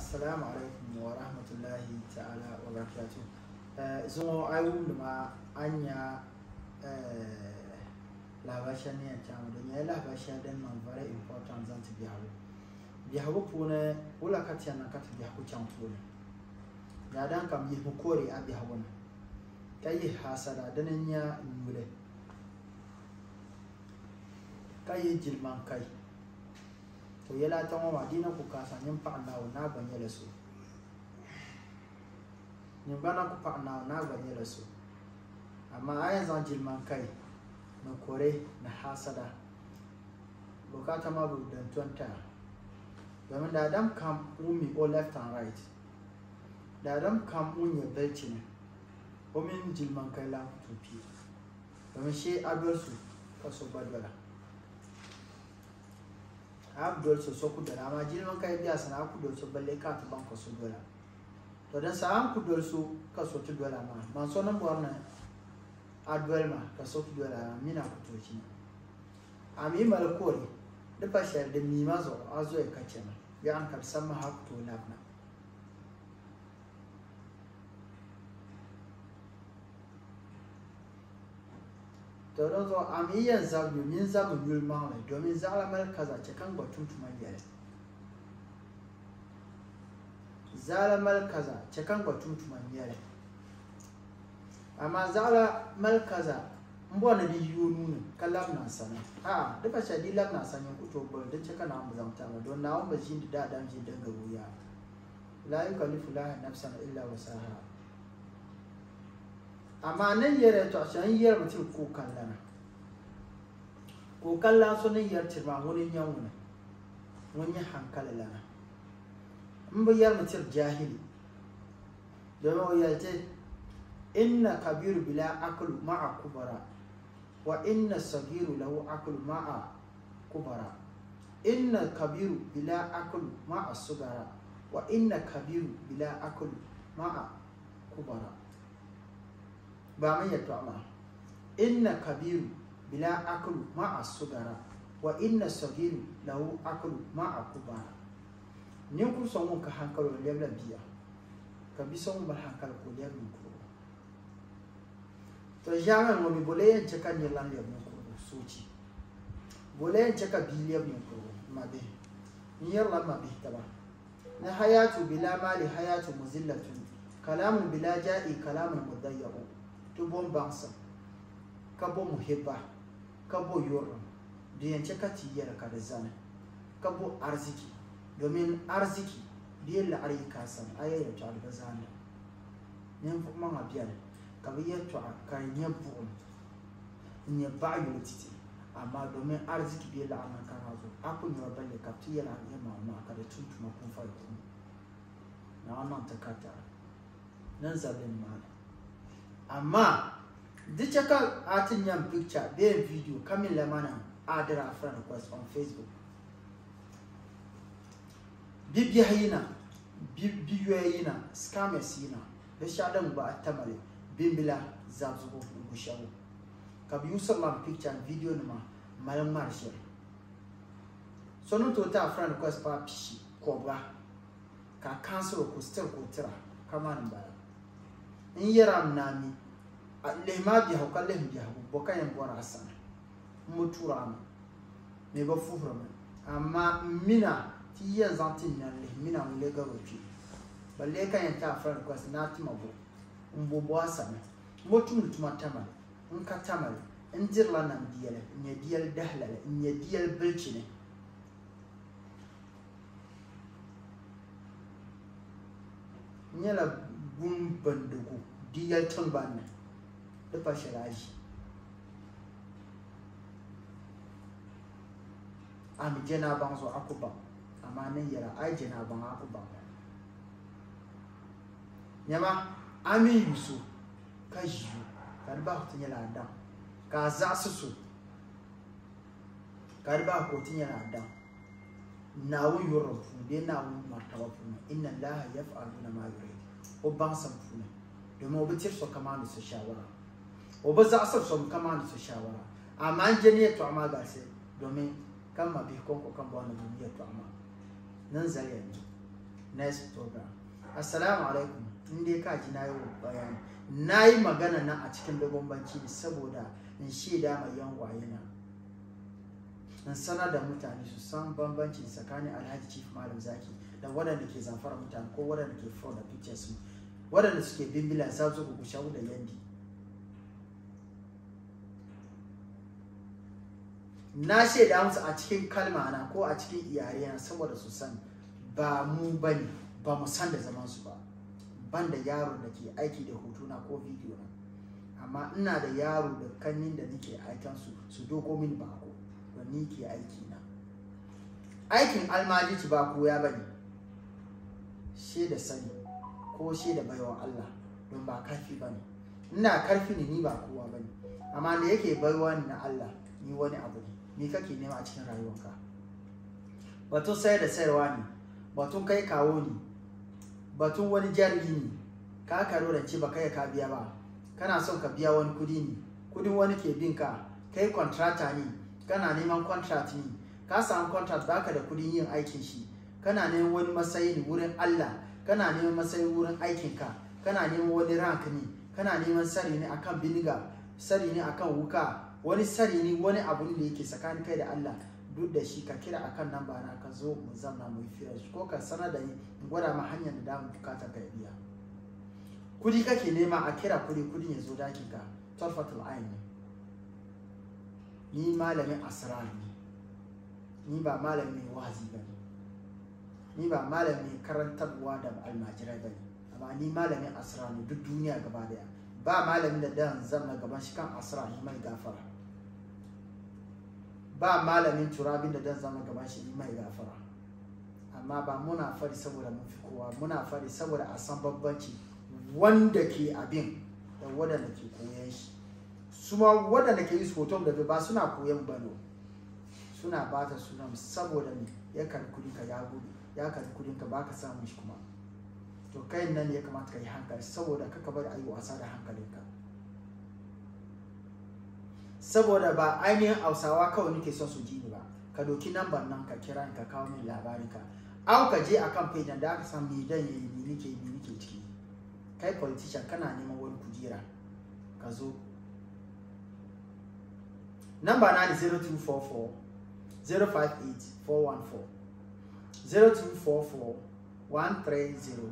assalamu alaikum wa rahmatullahi ta'ala wa barakatuh eh, zo ayu luma anya eh, labasha ne ta mu don yayi labasha dan non very important zan ta biya biya ko pune wala ka na ka biya ko can pune da dan kam yi ko kore a biya wona kai hasada danan ya nure kai jilman kai o yɛla ta ŋɔ maa diina ku kaasa nimpaɣa na naa gba nyɛla so nimbana ku paɣa naawuni naa gba nyɛla so amma a yɛn zaŋ jiliman kai ni kore ni hasada bukata maa bi din tɔntaya domin da adam kam ŋun mi o left and right da adam kam ŋun nyɛ bilchini o mini jilman kai la n domin shee a doli ka so gba dola so so sokudora ama jini man kai biya sana so balle ka ta banko su dola to dan sa an so ka so tu dola ma man so nan a adwel ma ka so tu dora mina ku to shi mi mal kore da fashar da mi mazo azo ya kace ma bi an kar san ma hakto na ka rozo am iya zabu min zabu yul ma ne domin zalamar kaza ce kan batun tuma biyar zalamar kaza ce kan batun tuma biyar amma zalamar kaza mbo na biyu nuna kallam na sana ha duka shadi lab na sanin kuto bol da ce kana mu zamta ma don na wamba jin da da dan je dan ga buya la yukallifu la nafsan illa wasaha amma nan yɛrɛ to a shan yɛrɛ mutum tiri ko kallana ko kallan so nan yɛrɛ tiri ma wani yan wani yi hankali lana in bi yɛrɛ tiri jahili da o ya ce inna kabiru bila akulu ma'a kubara wa inna sagiru lahu akulu ma'a kubara inna kabiru bila akulu ma'a sugara wa inna kabiru bila akulu ma'a kubara ba man ba. inna kabiru bila aklu a sugara wa inna sagiru lahu aklu a kubara ni ku son mun ka hankalo yabla biya ka bi son ba hankalo ko lebla ko to jaran mun bi bolen ne kan yelan lebla ko soci bole yan ka bi lebla ko be ni be ta ba. na hayatu bila mali hayatu muzillatun kalamun bila ja'i kalamun mudayya'u tubon bangsa kabo muhibba kabo yorin diyance e ka yara ka da ka bo arziki domin arziki diyan e e la ari ka san aya ya ta da zan nin fu man abiyan ka ya to ka nya bu nya ba yu titi amma domin arziki biya la amma ka hazo akun ya balle ka yara ne ma ma ka da tuntuma kun fa na wannan takata nan zaben mana amma digital atin yan picture bayan video kamin lamanan adira friend request on facebook bibiyaha yina biyoya yina scammers yina binshɛɣu din a tamale bimbila zabzugu gu shɛbu ka bi picture ni video nima malam ŋmari shɛli so ni tooi ta friend request paa pishi ba ka cancel ko still ko tira ka ma n yɛram naami A maa biɛhigu ka lihim biɛhigu bo ka yɛn bɔra a sani n mu tuurami mi bi fuhirimi amma mina ti yɛn zaŋ ti nyan lihi mina ŋun lee garo ba lee ka yɛn ta fɛn request naa ti ma bo n bo bo a sani n bo tumdi tuma tamali n ka tamali n dirila nan biyɛli n nyɛ biyɛli dahilali n nyɛ biyɛli bilichini n nyɛla gun bandugu di ya tan ba nan dafa shiraji am jena ban zo aku ba amma nan yara ai jena ban aku ban nyama ami yusu ka jiyu ka ba ku tinya ladan ka za su su ka ba ku tinya ladan nawo yoro fu de nawo martaba fu inna allaha yaf'alu ma yurid ɔba asɛmfo no domin ɔbɛtie sɔkama no sɛ shawara ɔbɛza asɛm sɔkama no sɛ shawara amma an je ne ya tuama ga sai domin kan ma bi kon ko kan ba na duniya tuama nan alaikum in dai ka ji na yi bayani na yi magana na a cikin dogon banci saboda in shaida mai yan wayena in sanar da mutane su san bambanci tsakanin alhaji chief malam zaki da waɗanda ke zafar mutane ko waɗanda ke fraud da pictures waɗanda suke bimbila sa su ku kusha da yandi na shaida musu a cikin kalma na ko a cikin iyayena saboda su san ba mu bane ba mu san da zaman su ba banda yaro da ke aiki da hotuna ko bidiyo na amma ina da yaro da kanin da nake aikan su su doko mini bako don ni ke aiki na aikin almajici ba koya bane she da sani ko she da baiwa Allah don ba karfi ba ne ina karfi ne ni ba kowa ba ne amma da yake baiwa ni na Allah ni wani abu ne me kake nema a cikin rayuwarka batun sayar da sayarwa ne batun kai kawo ne batun wani jarumi ne ka karo rance ba kai ka biya ba kana son ka biya wani kudi ne kudin wani ke bin ka kai contractor ne kana neman contract ne ka samu contract baka da kudin yin aikin shi kana neman wani matsayi wurin Allah kana neman matsayi wurin aikinka kana neman wani rank ne kana neman sari ne akan biniga sari ne akan wuka wani sari ne wani abu ne da yake tsakanin kai da Allah duk da shi ka kira akan nan ba na ka zo mu zamna mu fira shi ko ka sanar da ni in gwada ma hanyar da damu bukata ka biya kudi kake nema a kira kudi kudin ya zo dakin ka tarfatul ayn ni malamin asrar ne ni ba malamin wahazi ba ne ni ba malamin karantarwa da almajirai ba ne amma ni malamin asira ne duk duniya gaba daya ba malamin da dan zama gaban shi kan asira ni mai gafara ba malamin turabin da dan zama gaban shi ni mai gafara amma ba muna fari saboda mun fi kowa muna fari saboda a san bambanci wanda ke abin da wadanda ke koyan shi su ma wadanda ke yi hoton da ba suna koyan bano suna bata sunan saboda ne ya kalkuli ka ya gudu ya karbi kudin ka baka samun shi kuma to kai nan ya kamata ka yi hankali saboda kaka bar ayi wasa da hankalinka saboda ba ainihin hausawa kawai nake son su ji ni ba ka doki nambar nan ka kira ka kawo min labari ka au ka je akan page da aka san me dan yayi ni nake ni nake ciki kai politician kana neman wani kujera ka zo namba na 0244 058 414 0244 130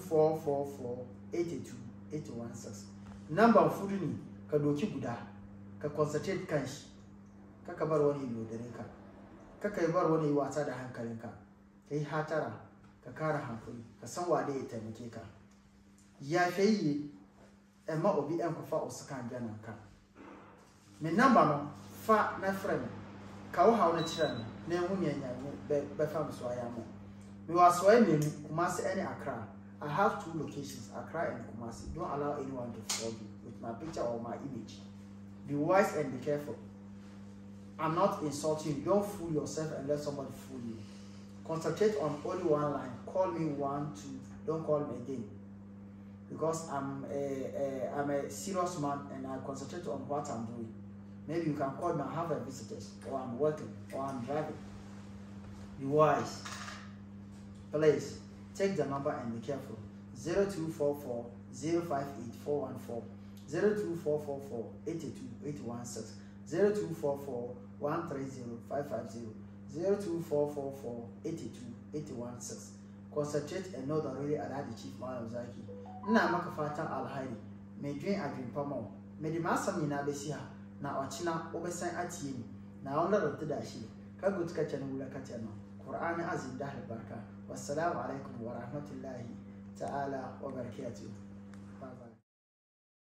550 namban fudu ne ka doki guda ka concentrate kan shi bar wani lodare ka kaka bar wani wasa da hankalinka ka yi hatara ka kara hankali ka san wade ya taimake ka ya fayye amma obi yan kufa osu kan gana ka me namba no fa na frɛ me ka wo haw no kyerɛ me na ɛho nyanyanyi bɛfa me so ayɛ mo mewɔ asɔe mmienu kumase ne akra i have two locations accra and kumase don't allow anyone to fraud you with my picture or my image be wise and be careful i'm not insulting you don't fool yourself and let somebody fool you concentrate on only one line call me one two don't call me again because i'm a, a i'm a serious man and i concentrate on what i'm doing Maybe you can call me, and have a visitors, or I'm working, or I'm driving. Be wise. Please, take the number and be careful. 0244 058414 0244 82816 0244 130 0244 02444 Concentrate and know the really Allah the Chief Malam Zaki. Ina maka fatan alhairi, mai jin ajin famo, mai da masam na wacina obesan atini na wala da shi ka gutka cana wula ka qur'ani azim da baraka wassalamu alaikum wa rahmatullahi ta'ala wa barakatuh